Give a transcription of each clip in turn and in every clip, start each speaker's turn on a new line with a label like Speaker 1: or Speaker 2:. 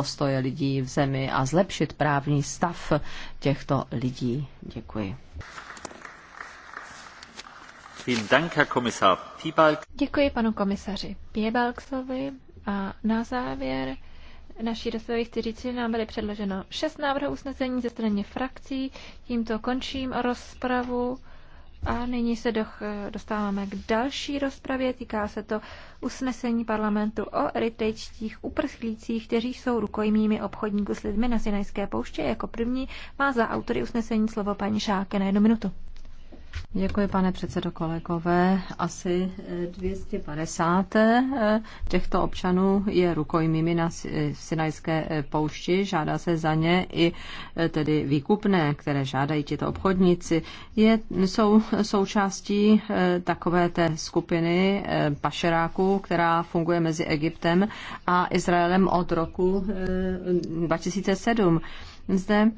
Speaker 1: postoje lidí v zemi a zlepšit právní stav těchto lidí.
Speaker 2: Děkuji.
Speaker 3: Děkuji panu komisaři Piebalksovi a na závěr naší rozpravy chci říct, že nám byly předloženo šest návrhů usnesení ze strany frakcí. Tímto končím rozpravu. A nyní se doch, dostáváme k další rozpravě. Týká se to usnesení parlamentu o eritejčtích uprchlících, kteří jsou rukojmími obchodníků s lidmi na Sinajské pouště. Jako první má za autory usnesení slovo paní
Speaker 1: Šáke na jednu minutu. Děkuji, pane předsedo kolegové. Asi 250 eh, eh, těchto občanů je rukojmými na Sinajské eh, poušti. Žádá se za ně i tedy výkupné, které žádají tito obchodníci. Je, jsou součástí takové té skupiny pašeráků, která funguje mezi Egyptem a Izraelem od roku 2007 zde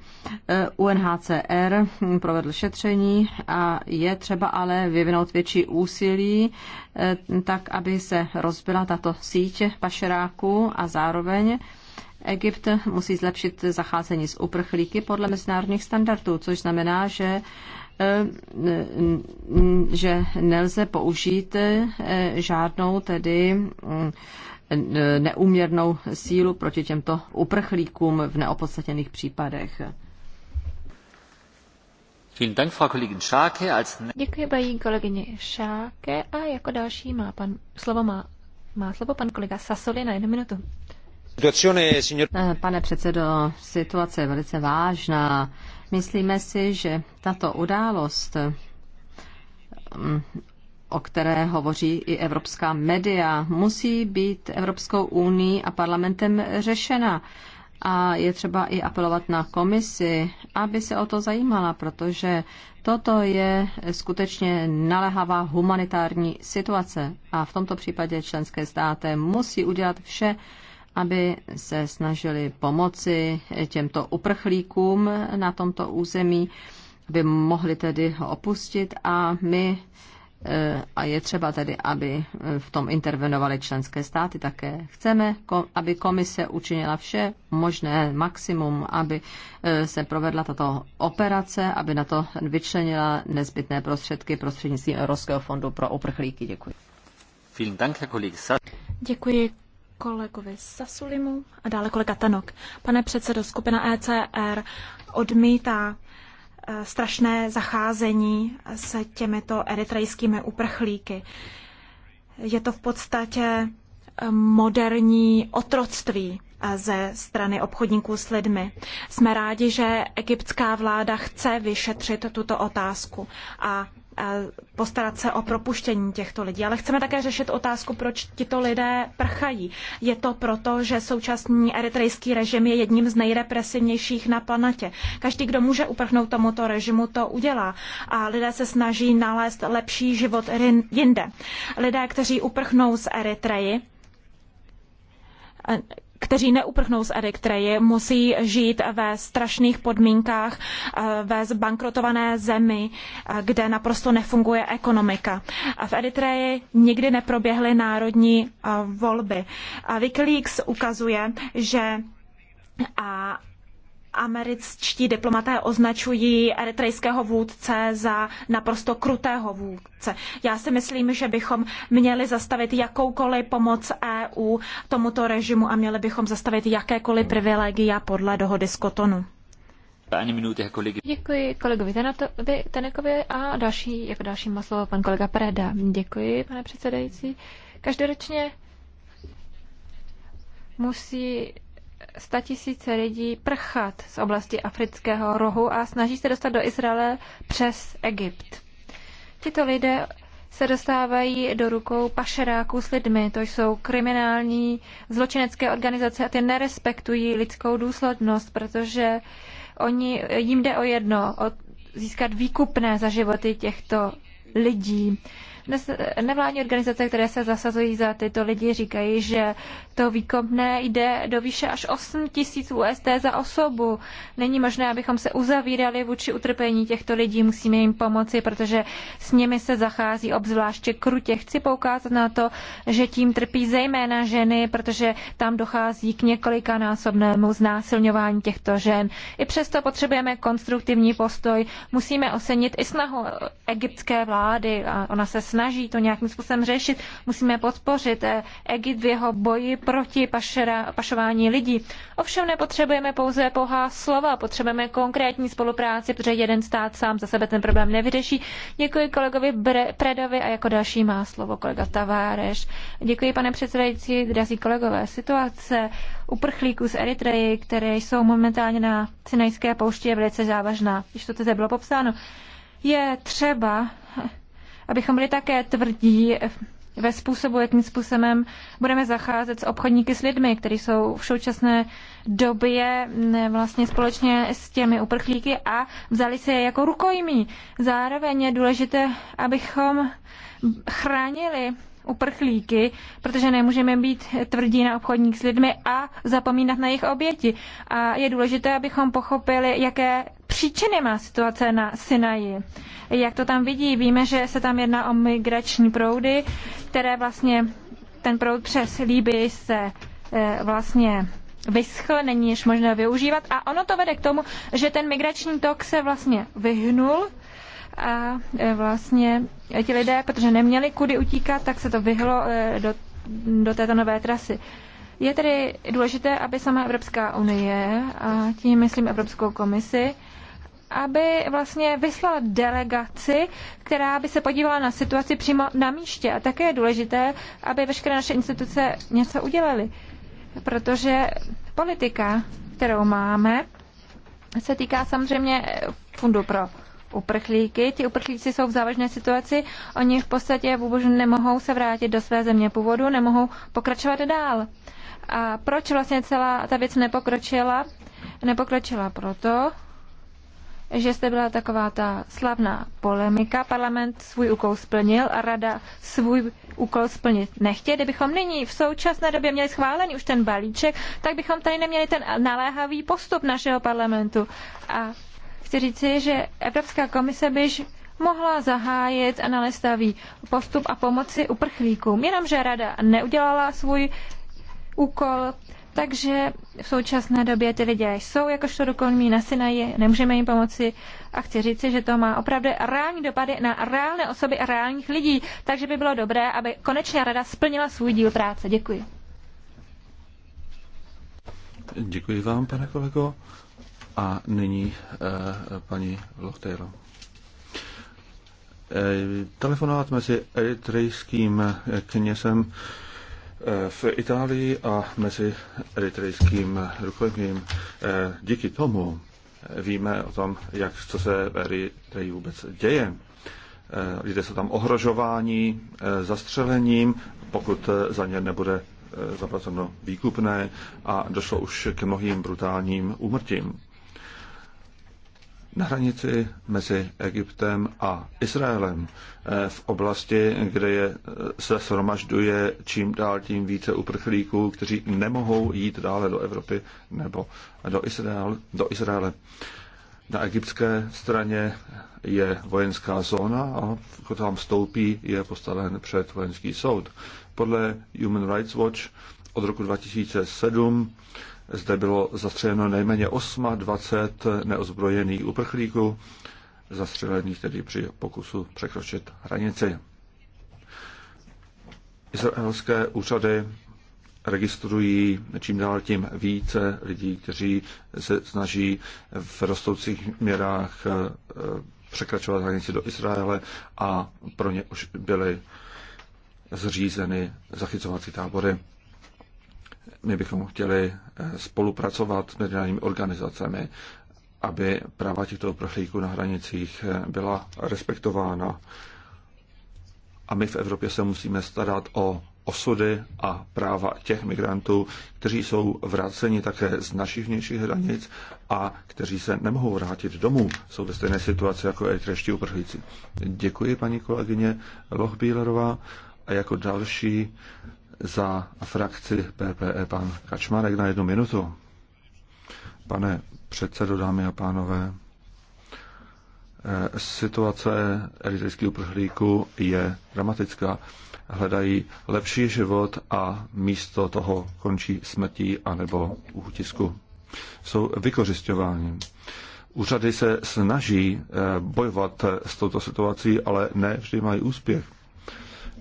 Speaker 1: eh, UNHCR provedl šetření a je třeba ale vyvinout větší úsilí, eh, tak aby se rozbila tato síť pašeráků a zároveň Egypt musí zlepšit zacházení s uprchlíky podle mezinárodních standardů, což znamená, že eh, že nelze použít žádnou tedy mm, neuměrnou sílu proti těmto uprchlíkům v neopodstatněných případech.
Speaker 3: Děkuji paní kolegyně Šáke a jako další má pan, slovo má, má slovo pan kolega Sasoli na jednu minutu.
Speaker 1: Eh, pane předsedo, situace je velice vážná. Myslíme si, že tato událost mm, o které hovoří i evropská média, musí být Evropskou unii a parlamentem řešena. A je třeba i apelovat na komisi, aby se o to zajímala, protože toto je skutečně naléhavá humanitární situace. A v tomto případě členské státy musí udělat vše, aby se snažili pomoci těmto uprchlíkům na tomto území, aby mohli tedy ho opustit a my Eh, a je třeba tedy, aby eh, v tom intervenovaly členské státy také. Chceme, aby komise učinila vše možné, maximum, aby eh, se provedla tato operace, aby na to vyčlenila nezbytné prostředky prostřednictvím Evropského fondu pro uprchlíky. Děkuji.
Speaker 4: Děkuji kolegovi Sasulimu a dále kolega Tanok. Pane předsedo, skupina ECR odmítá Eh, strašné zacházení s těmito eritrejskými uprchlíky. Je to v podstatě eh, moderní otroctví eh, ze strany obchodníků s lidmi. Jsme rádi, že egyptská vláda chce vyšetřit tuto otázku a postarat se o propuštění těchto lidí. Ale chceme také řešit otázku, proč tito lidé prchají. Je to proto, že současný eritrejský režim je jedním z nejrepresivnějších na planetě. Každý, kdo může uprchnout tomuto režimu, to udělá. A lidé se snaží nalézt lepší život jinde. Lidé, kteří uprchnou z Eritreji, kteří neuprchnou z Eritreje, musí žít ve strašných podmínkách, eh, ve zbankrotované zemi, eh, kde naprosto nefunguje ekonomika. V Eritreji nikdy neproběhly národní eh, volby. Wikileaks ukazuje, že a američtí diplomaté označují eritrejského vůdce za naprosto krutého vůdce. Já si myslím, že bychom měli zastavit jakoukoliv pomoc EU tomuto režimu a měli bychom zastavit jakékoliv privilegia podle dohody z Kotonu. Jako Děkuji kolegovi
Speaker 3: Tenekovi a další, jako další má slovo pan kolega Preda. Děkuji, pane předsedající. Každoročně musí statisíce lidí prchat z oblasti afrického rohu a snaží se dostat do Izraele přes Egypt. Tito lidé se dostávají do rukou pašeráků s lidmi. To jsou kriminální zločinecké organizace a ty nerespektují lidskou důslednost, protože oni, jim jde o jedno, o získat výkupné za životy těchto lidí. Nevládní organizace, které se zasazují za tyto lidi, říkají, že to výkopné jde do výše až 8 tisíc USD za osobu. Není možné, abychom se uzavírali vůči utrpení těchto lidí, musíme jim pomoci, protože s nimi se zachází obzvláště krutě. Chci poukázat na to, že tím trpí zejména ženy, protože tam dochází k několikanásobnému znásilňování těchto žen. I přesto potřebujeme konstruktivní postoj. Musíme ocenit i snahu egyptské vlády a ona se snaží to nějakým způsobem řešit. Musíme podpořit eh, Egypt v jeho boji proti pašera, pašování lidí. Ovšem nepotřebujeme pouze pohá slova, potřebujeme konkrétní spolupráci, protože jeden stát sám za sebe ten problém nevyřeší. Děkuji kolegovi Bre- Predovi a jako další má slovo kolega Taváreš. Děkuji, pane předsedající, drazí kolegové. Situace uprchlíků z Eritreji, které jsou momentálně na Sinajské poušti, je velice závažná. Když to zde bylo popsáno. Je třeba abychom byli také tvrdí ve způsobu, jakým způsobem budeme zacházet s obchodníky s lidmi, kteří jsou v současné době vlastně společně s těmi uprchlíky a vzali se je jako rukojmí. Zároveň je důležité, abychom chránili uprchlíky, protože nemůžeme být tvrdí na obchodník s lidmi a zapomínat na jejich oběti. A je důležité, abychom pochopili, jaké příčiny má situace na Sinaji. Jak to tam vidí? Víme, že se tam jedná o migrační proudy, které vlastně ten proud přes Líby se eh, vlastně vyschl, není již možné využívat a ono to vede k tomu, že ten migrační tok se vlastně vyhnul a eh, vlastně ti lidé, protože neměli kudy utíkat, tak se to vyhlo eh, do, do této nové trasy. Je tedy důležité, aby sama Evropská unie, a tím myslím Evropskou komisi, aby vlastně vyslala delegaci, která by se podívala na situaci přímo na místě. A také je důležité, aby veškeré naše instituce něco udělaly. Protože politika, kterou máme, se týká samozřejmě fundu pro uprchlíky. Ti uprchlíci jsou v závažné situaci, oni v podstatě vůbec nemohou se vrátit do své země původu, nemohou pokračovat dál. A proč vlastně celá ta věc nepokročila? Nepokročila proto, že zde byla taková ta slavná polemika. Parlament svůj úkol splnil a rada svůj úkol splnit nechtěl. Kdybychom nyní v současné době měli schválený už ten balíček, tak bychom tady neměli ten naléhavý postup našeho parlamentu. A chci říci, že Evropská komise byž mohla zahájit a postup a pomoci uprchlíkům. Jenomže rada neudělala svůj úkol, takže v současné době ty lidé jsou jakožto dokonní na Sinaji, nemůžeme jim pomoci a chci říci, že to má opravdu reální dopady na reálné osoby a reálních lidí, takže by bylo dobré, aby konečně rada splnila svůj díl práce. Děkuji.
Speaker 2: Děkuji vám, pane kolego. A nyní eh, paní Lochtejlo. Eh, telefonovat mezi eritrejským eh, knězem eh, v Itálii a mezi eritrejským rukojmím. Eh, díky tomu eh, víme o tom, jak, co se v Eritreji vůbec děje. Eh, lidé jsou tam ohrožováni zastřelením, pokud za ně nebude zaplaceno výkupné a došlo už k mnohým brutálním úmrtím na hranici mezi Egyptem a Izraelem eh, v oblasti, kde je, eh, se shromažďuje čím dál tím více uprchlíků, kteří nemohou jít dále do Evropy nebo do, Izrael, do Izraele. Na egyptské straně je vojenská zóna a kdo tam vstoupí, je postaven před vojenský soud. Podle Human Rights Watch od roku 2007 zde bylo zastřeleno nejméně 28 neozbrojených uprchlíků, zastřelených tedy při pokusu překročit hranici. Izraelské úřady registrují čím dál tím více lidí, kteří se snaží v rostoucích měrách eh, překračovat hranici do Izraele a pro ně už byly zřízeny zachycovací tábory. My bychom chtěli eh, spolupracovat s mezinárodními organizacemi, aby práva těchto uprchlíků na hranicích eh, byla respektována. A my v Evropě se musíme starat o osudy a práva těch migrantů, kteří jsou vraceni také z našich vnějších hranic a kteří se nemohou vrátit domů. Jsou ve stejné situaci jako eritreští uprchlíci. Děkuji paní kolegyně Lochbílerová a jako další za frakci PPE pan Kačmarek na jednu minutu. Pane předsedo, dámy a pánové, e, situace eritrejských uprchlíků je dramatická. Hledají lepší život a místo toho končí smrtí anebo útisku. Jsou vykořišťováni. Úřady se snaží e, bojovat s touto situací, ale ne vždy mají úspěch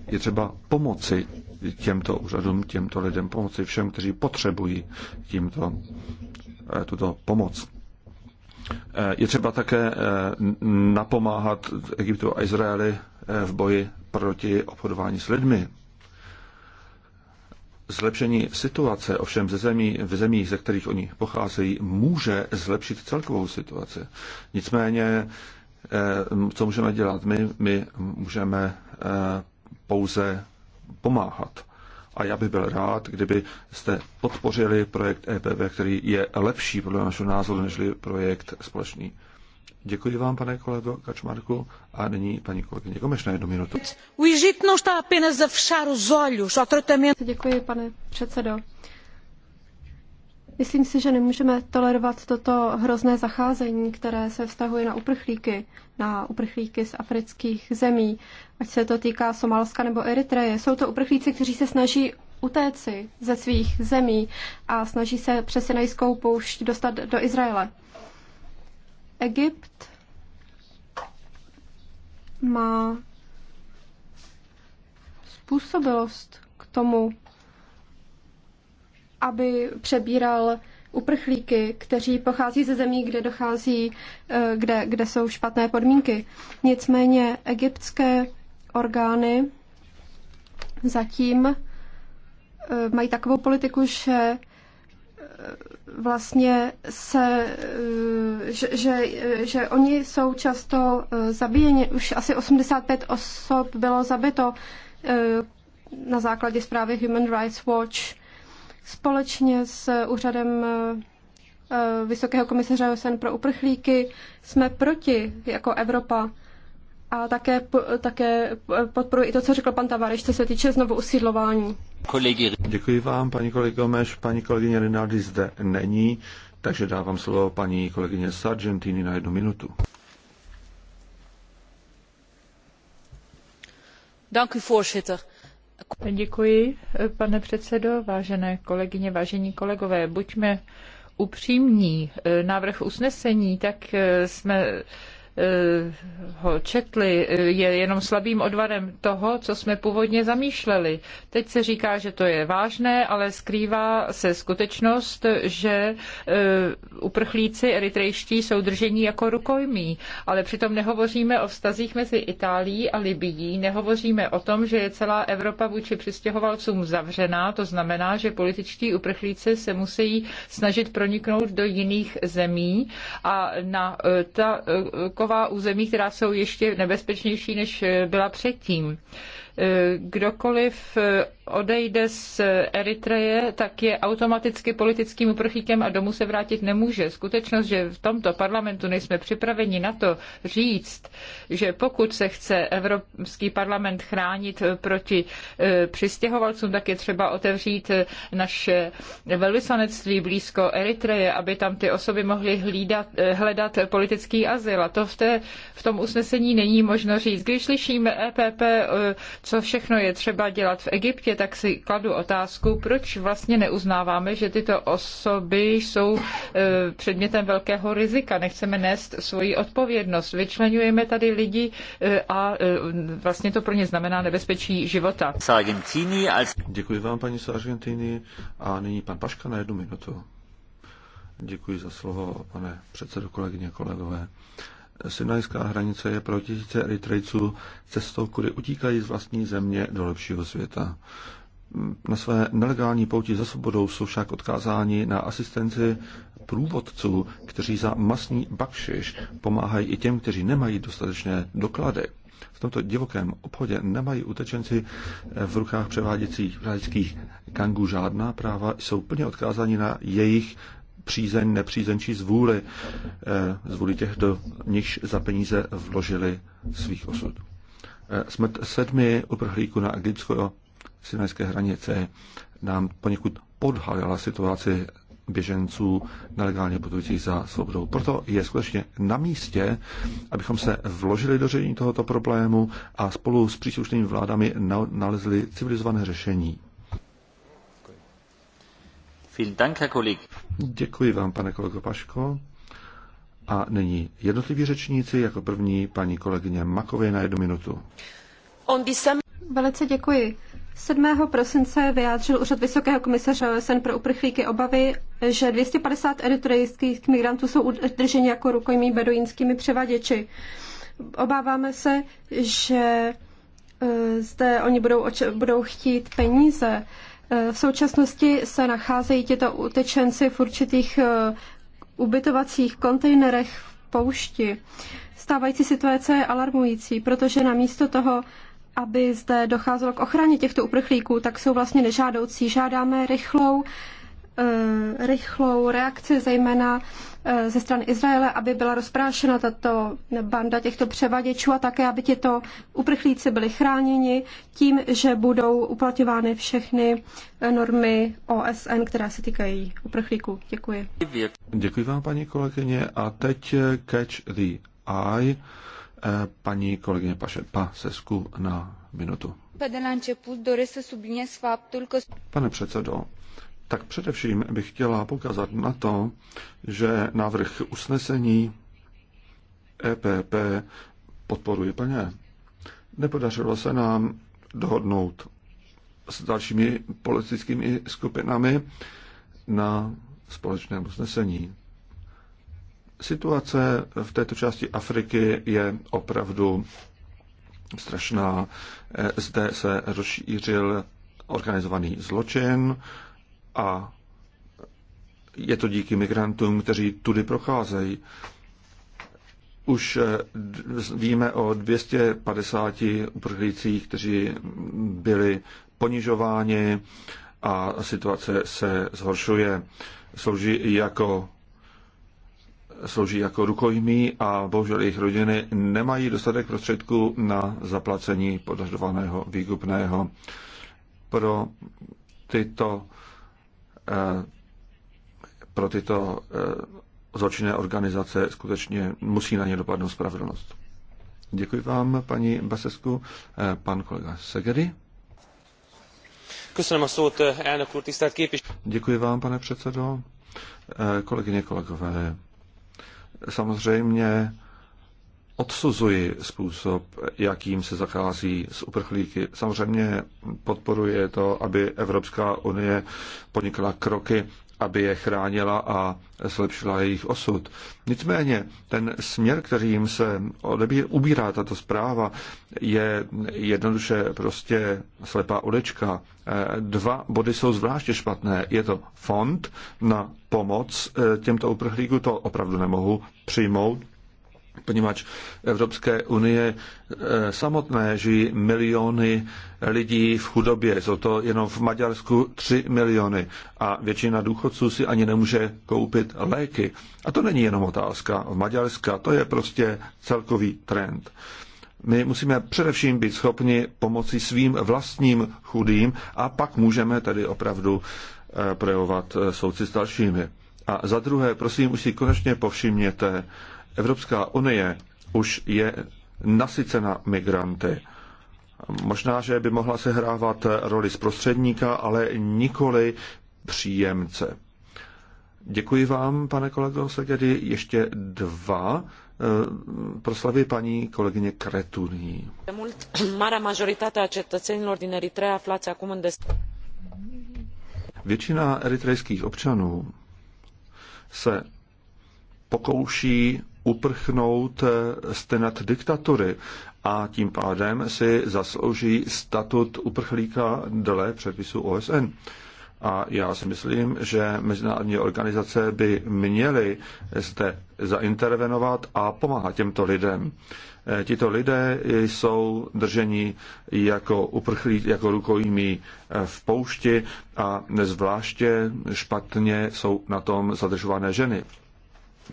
Speaker 2: je třeba pomoci těmto úřadům, těmto lidem, pomoci všem, kteří potřebují tímto, eh, tuto pomoc. Eh, je třeba také eh, napomáhat Egyptu a Izraeli v boji proti obchodování s lidmi. Zlepšení situace ovšem ze zemí, v zemích, ze kterých oni pocházejí, může zlepšit celkovou situaci. Nicméně, co můžeme dělat my? My můžeme pouze pomáhat. A já bych byl rád, kdyby jste podpořili projekt EPV, který je lepší podle našeho názoru, než projekt společný. Děkuji vám, pane kolego Kačmarku, a nyní paní kolegyně Gomeš na jednu minutu.
Speaker 5: Děkuji, pane předsedo. Myslím si, že nemůžeme tolerovat toto hrozné zacházení, které se vztahuje na uprchlíky, na uprchlíky z afrických zemí, ať se to týká Somálska nebo Eritreje. Jsou to uprchlíci, kteří se snaží utéci ze svých zemí a snaží se přes Sinajskou poušť dostat do Izraele. Egypt má způsobilost k tomu, aby přebíral uprchlíky, kteří pochází ze zemí, kde dochází, eh, kde, kde jsou špatné podmínky. Nicméně egyptské orgány zatím eh, mají takovou politiku, že eh, vlastně se, že, že, že oni jsou často zabíjeni, už asi 85 osob bylo zabito na základě zprávy Human Rights Watch Společně s úřadem eh, eh, Vysokého komisaře OSN pro uprchlíky jsme proti jako Evropa a také, také podporuji i to, co řekl pan Tavareš, co se týče znovu usídlování.
Speaker 2: Kolegy. Děkuji vám, paní kolego Meš. Paní kolegyně Rinaldi zde není, takže dávám slovo paní kolegyně Sargentini na jednu minutu.
Speaker 6: Dank u, voorzitter. Děkuji, pane předsedo, vážené kolegyně, vážení kolegové. Buďme upřímní. Návrh usnesení, tak eh, jsme Eh, ho četli, eh, je jenom slabým odvarem toho, co jsme původně zamýšleli. Teď se říká, že to je vážné, ale skrývá se skutečnost, že eh, uprchlíci eritrejští jsou drženi jako rukojmí. Ale přitom nehovoříme o vztazích mezi Itálií a Libií, nehovoříme o tom, že je celá Evropa vůči přistěhovalcům zavřená, to znamená, že političtí uprchlíci se musí snažit proniknout do jiných zemí a na ta taková území, která jsou ještě nebezpečnější, než byla předtím. Eh, kdokoliv eh, odejde z Eritreje, tak je automaticky politickým uprchlíkem a domů se vrátit nemůže. Skutečnost, že v tomto parlamentu nejsme připraveni na to říct, že pokud se chce Evropský parlament chránit eh, proti přistěhovalcům, tak je třeba otevřít naše velvyslanectví blízko Eritreje, aby tam ty osoby mohly hlídat, hledat politický azyl. A to v, té, v tom usnesení není možno říct. Když slyším EPP co všechno je třeba dělat v Egyptě, tak si kladu otázku, proč vlastně neuznáváme, že tyto osoby jsou e, předmětem velkého rizika. Nechceme nést svoji odpovědnost. Vyčlenujeme tady lidi e, a e, vlastně to pro ně znamená nebezpečí života. Děkuji vám, paní z Argentiny. A nyní pan Paška na jednu minutu.
Speaker 2: Děkuji za slovo, pane předsedo, kolegyně, kolegové. Sinajská hranice je pro tisíce Eritrejců cestou, kudy utíkají z vlastní země do lepšího světa. Na své nelegální pouti za svobodou jsou však odkázáni na asistenci průvodců, kteří za masný bakšiš pomáhají i těm, kteří nemají dostatečné doklady. V tomto divokém obchodě nemají utečenci v rukách převáděcích vrádických gangů žádná práva, jsou plně odkázáni na jejich přízeň, nepřízeň či zvůli, eh, zvůli těch, do nichž za peníze vložili svých osud. Eh, Smrt sedmi uprchlíků na egyptsko sinajské hranice nám poněkud podhalila situaci běženců nelegálně putujících za svobodou. Proto je skutečně na místě, abychom se vložili do řešení tohoto problému a spolu s příslušnými vládami nalezli civilizované řešení. Vielen Dank, Herr Kollege. Děkuji vám, pane kolego Paško. A nyní jednotliví řečníci, jako první paní kolegyně Makové na jednu minutu.
Speaker 5: Velice děkuji. 7. prosince vyjádřil úřad Vysokého komisaře OSN pro uprchlíky obavy, že 250 eritrejských migrantů jsou udrženi jako rukojmí beduínskými převaděči. Obáváme se, že eh, zde oni budou, budou chtít peníze. Eh, v současnosti se nacházejí tito utečenci v určitých eh, ubytovacích kontejnerech v poušti. Stávající situace je alarmující, protože namísto toho, aby zde docházelo k ochraně těchto uprchlíků, tak jsou vlastně nežádoucí. Žádáme rychlou Eh, rychlou reakci, zejména eh, ze strany Izraele, aby byla rozprášena tato banda těchto převaděčů a také, aby tito uprchlíci byli chráněni tím, že budou uplatňovány všechny eh, normy OSN, která se týkají uprchlíků. Děkuji.
Speaker 2: Děkuji vám, paní kolegyně. A teď catch the eye. Paní kolegyně Pašepa Sesku na minutu. Pane předsedo, tak především bych chtěla poukázat na to, že návrh usnesení EPP podporuji plně. Nepodařilo se nám dohodnout s dalšími politickými skupinami na společném usnesení. Situace v této části Afriky je opravdu strašná. E, zde se rozšířil organizovaný zločin, a je to díky migrantům, kteří tudy procházejí. Už eh, víme o 250 uprchlících, kteří byli ponižováni a situace se zhoršuje. Slouží jako slouží jako rukojmí a bohužel jejich rodiny nemají dostatek prostředků na zaplacení podařovaného výkupného. Pro tyto Eh, pro tyto eh, zločinné organizace skutečně musí na ně dopadnout spravedlnost. Děkuji vám, paní Basesku. Eh, pan kolega Segery. Děkuji vám, pane předsedo. Kolegyně, kolegové, samozřejmě odsuzuji způsob, jakým se zachází s uprchlíky. Samozřejmě podporuje to, aby Evropská unie podnikla kroky, aby je chránila a zlepšila jejich osud. Nicméně ten směr, kterým se ubírá tato zpráva, je jednoduše prostě slepá ulička. Dva body jsou zvláště špatné. Je to fond na pomoc eh, těmto uprchlíkům, to opravdu nemohu přijmout, poněvadž Evropské unie eh, samotné žijí miliony lidí v chudobě. Jsou to jenom v Maďarsku 3 miliony a většina důchodců si ani nemůže koupit léky. A to není jenom otázka v Maďarska, to je prostě celkový trend. My musíme především být schopni pomoci svým vlastním chudým a pak můžeme tedy opravdu eh, projevovat eh, souci s dalšími. A za druhé, prosím, už si konečně povšimněte, Evropská unie už je nasycena migranty. Možná, že by mohla sehrávat roli zprostředníka, ale nikoli příjemce. Děkuji vám, pane kolego Segedy. Ještě dva eh, proslavy paní kolegyně Kretuní. Většina eritrejských občanů se pokouší uprchnout eh, stenat diktatury a tím pádem si zaslouží statut uprchlíka dle předpisu OSN. A já si myslím, že mezinárodní organizace by měly zde zaintervenovat a pomáhat těmto lidem. Eh, tito lidé jsou drženi jako uprchlí, jako rukojmí eh, v poušti a zvláště špatně jsou na tom zadržované ženy.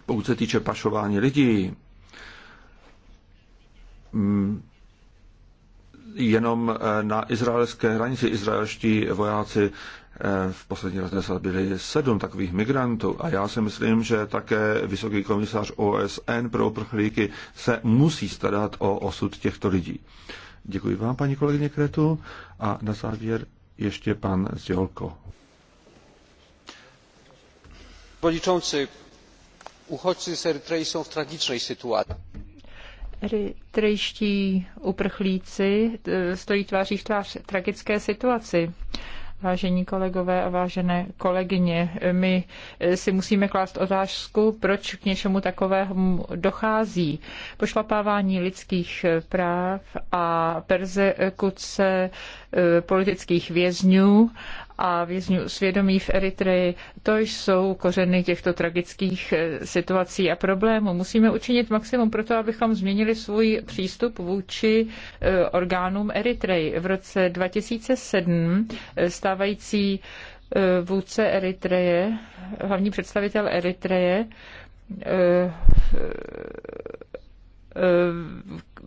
Speaker 2: Pokud se týče pašování lidí, mm, jenom eh, na izraelské hranici izraelští vojáci eh, v poslední letech byli sedm takových migrantů a já si myslím, že také vysoký komisař OSN pro uprchlíky se musí starat o osud těchto lidí. Děkuji vám, paní kolegyně Kretu. A na závěr ještě pan Zjolko.
Speaker 6: Panie Uchodźcy z Erytrei jsou v tragicznej sytuacji. Eritrejští uprchlíci e, stojí tváří v tvář tragické situaci. Vážení kolegové a vážené kolegyně, e, my e, si musíme klást otázku, proč k něčemu takovému dochází. Pošlapávání lidských práv a persekuce politických vězňů a vězňů svědomí v Eritreji. To jsou kořeny těchto tragických eh, situací a problémů. Musíme učinit maximum pro to, abychom změnili svůj přístup vůči eh, orgánům Eritreji. V roce 2007 eh, stávající vůdce Eritreje, hlavní představitel Eritreje,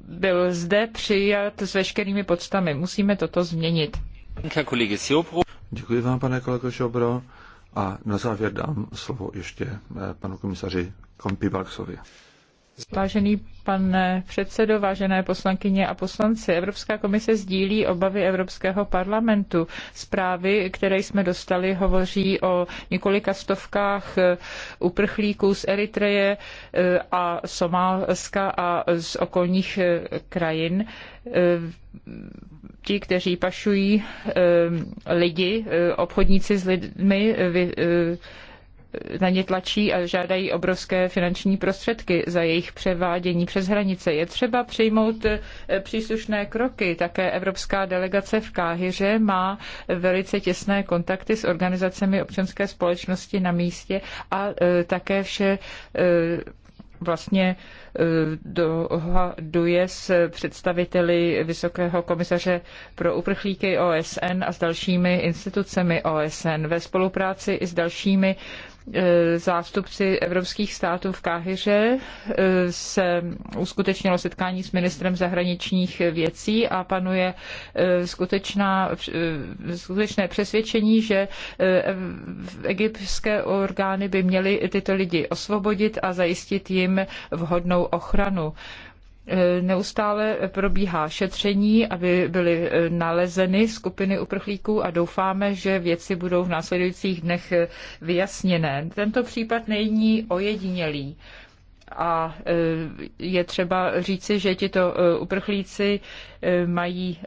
Speaker 6: byl zde přijat s veškerými podstami. Musíme toto změnit.
Speaker 2: Děkuji vám, pane kolego Šobro. A na závěr dám slovo ještě eh, panu komisaři kompi Balksovi.
Speaker 6: Vážený pane předsedo, vážené poslankyně a poslanci, Evropská komise sdílí obavy Evropského parlamentu. Zprávy, které jsme dostali, hovoří o několika stovkách eh, uprchlíků z Eritreje eh, a Somálska a z okolních krajin ti, kteří pašují eh, lidi, eh, obchodníci s lidmi, eh, vy, na ně tlačí a žádají obrovské finanční prostředky za jejich převádění přes hranice. Je třeba přijmout příslušné kroky. Také Evropská delegace v Káhyře má velice těsné kontakty s organizacemi občanské společnosti na místě a také vše vlastně eh, dohaduje s představiteli Vysokého komisaře pro uprchlíky OSN a s dalšími institucemi OSN ve spolupráci i s dalšími Eh, zástupci evropských států v Káhyře eh, se uskutečnilo setkání s ministrem zahraničních věcí a panuje eh, skutečná, skutečné přesvědčení, že egyptské orgány by měly tyto lidi osvobodit a zajistit jim vhodnou ochranu. Eh, neustále probíhá šetření, aby byly eh, nalezeny skupiny uprchlíků a doufáme, že věci budou v následujících dnech eh, vyjasněné. Tento případ není ojedinělý a je třeba říci, že tito uprchlíci mají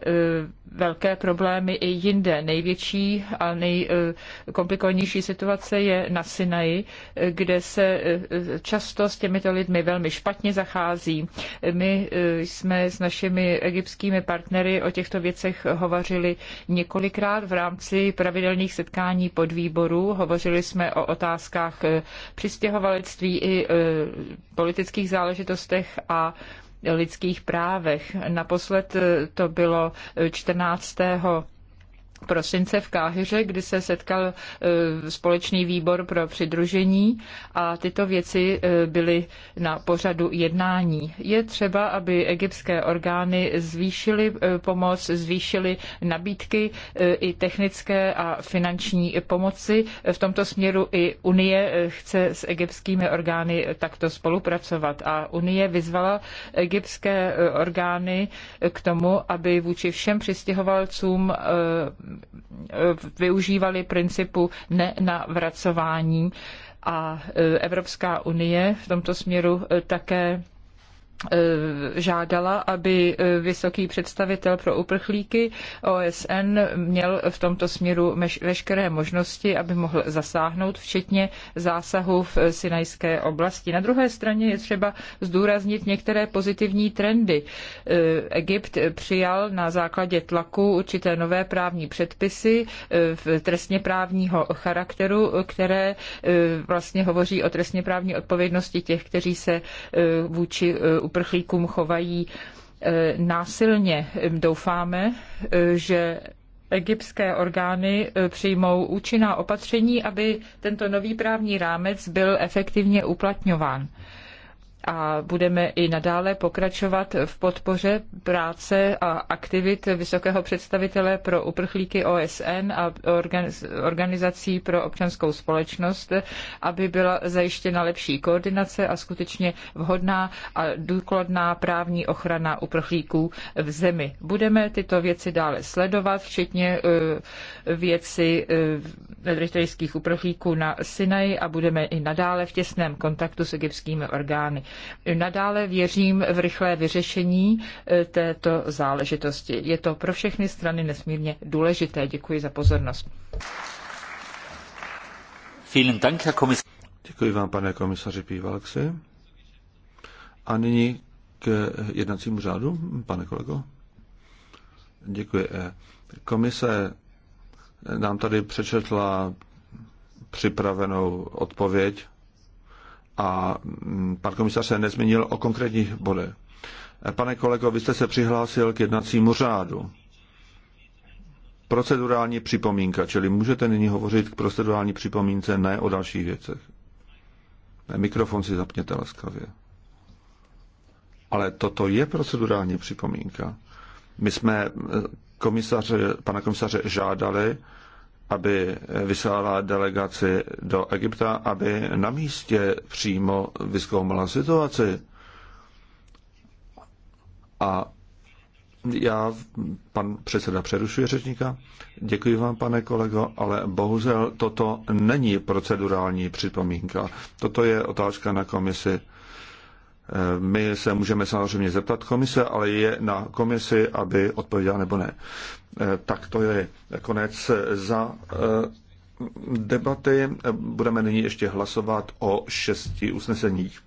Speaker 6: velké problémy i jinde. Největší a nejkomplikovanější situace je na Sinaji, kde se eh, často s těmito lidmi velmi špatně zachází. My eh, jsme s našimi egyptskými partnery o těchto věcech hovořili několikrát v rámci pravidelných setkání podvýboru. Hovořili jsme o otázkách eh, přistěhovalectví i politických záležitostech a lidských právech. Naposled to bylo 14 prosince v Káhyře, kdy se setkal e, společný výbor pro přidružení a tyto věci e, byly na pořadu jednání. Je třeba, aby egyptské orgány zvýšily e, pomoc, zvýšily nabídky i technické a finanční pomoci. V tomto směru i Unie chce s egyptskými orgány takto spolupracovat a Unie vyzvala egyptské orgány k tomu, aby vůči všem přistěhovalcům využívali principu nenavracování a e, Evropská unie v tomto směru e, také Eh, žádala, aby eh, vysoký představitel pro uprchlíky OSN měl v tomto směru veškeré možnosti, aby mohl zasáhnout, včetně zásahu v Sinajské oblasti. Na druhé straně je třeba zdůraznit některé pozitivní trendy. Eh, Egypt přijal na základě tlaku určité nové právní předpisy v trestně právního charakteru, které vlastně hovoří o trestně právní odpovědnosti těch, kteří se vůči uprchlíkům chovají e, násilně. Doufáme, e, že egyptské orgány e, přijmou účinná opatření, aby tento nový právní rámec byl efektivně uplatňován a budeme i nadále pokračovat v podpoře práce a aktivit vysokého představitele pro uprchlíky OSN a organizací pro občanskou společnost, aby byla zajištěna lepší koordinace a skutečně vhodná a důkladná právní ochrana uprchlíků v zemi. Budeme tyto věci dále sledovat, včetně e, věci eritrejských uprchlíků na Sinaji a budeme i nadále v těsném kontaktu s egyptskými orgány. Nadále věřím v rychlé vyřešení eh, této záležitosti. Je to pro všechny strany nesmírně důležité. Děkuji za pozornost.
Speaker 2: Děkuji vám, pane komisaři Pívalksi. A nyní k jednacímu řádu, pane kolego. Děkuji. Eh, komise eh, nám tady přečetla připravenou odpověď a mm, pan komisař se nezmínil o konkrétních bodech. Pane kolego, vy jste se přihlásil k jednacímu řádu. Procedurální připomínka, čili můžete nyní hovořit k procedurální připomínce, ne o dalších věcech. Mikrofon si zapněte laskavě. Ale toto je procedurální připomínka. My jsme eh, komisaře, pana komisaře žádali, aby vyslala delegaci do Egypta, aby na místě přímo vyskoumala situaci. A já, pan předseda přerušuje řečníka. Děkuji vám, pane kolego, ale bohužel toto není procedurální připomínka. Toto je otázka na komisi. My se můžeme samozřejmě zeptat komise, ale je na komisi, aby odpověděla nebo ne. Eh, tak to je konec za eh, debaty. Budeme nyní ještě hlasovat o šesti usneseních.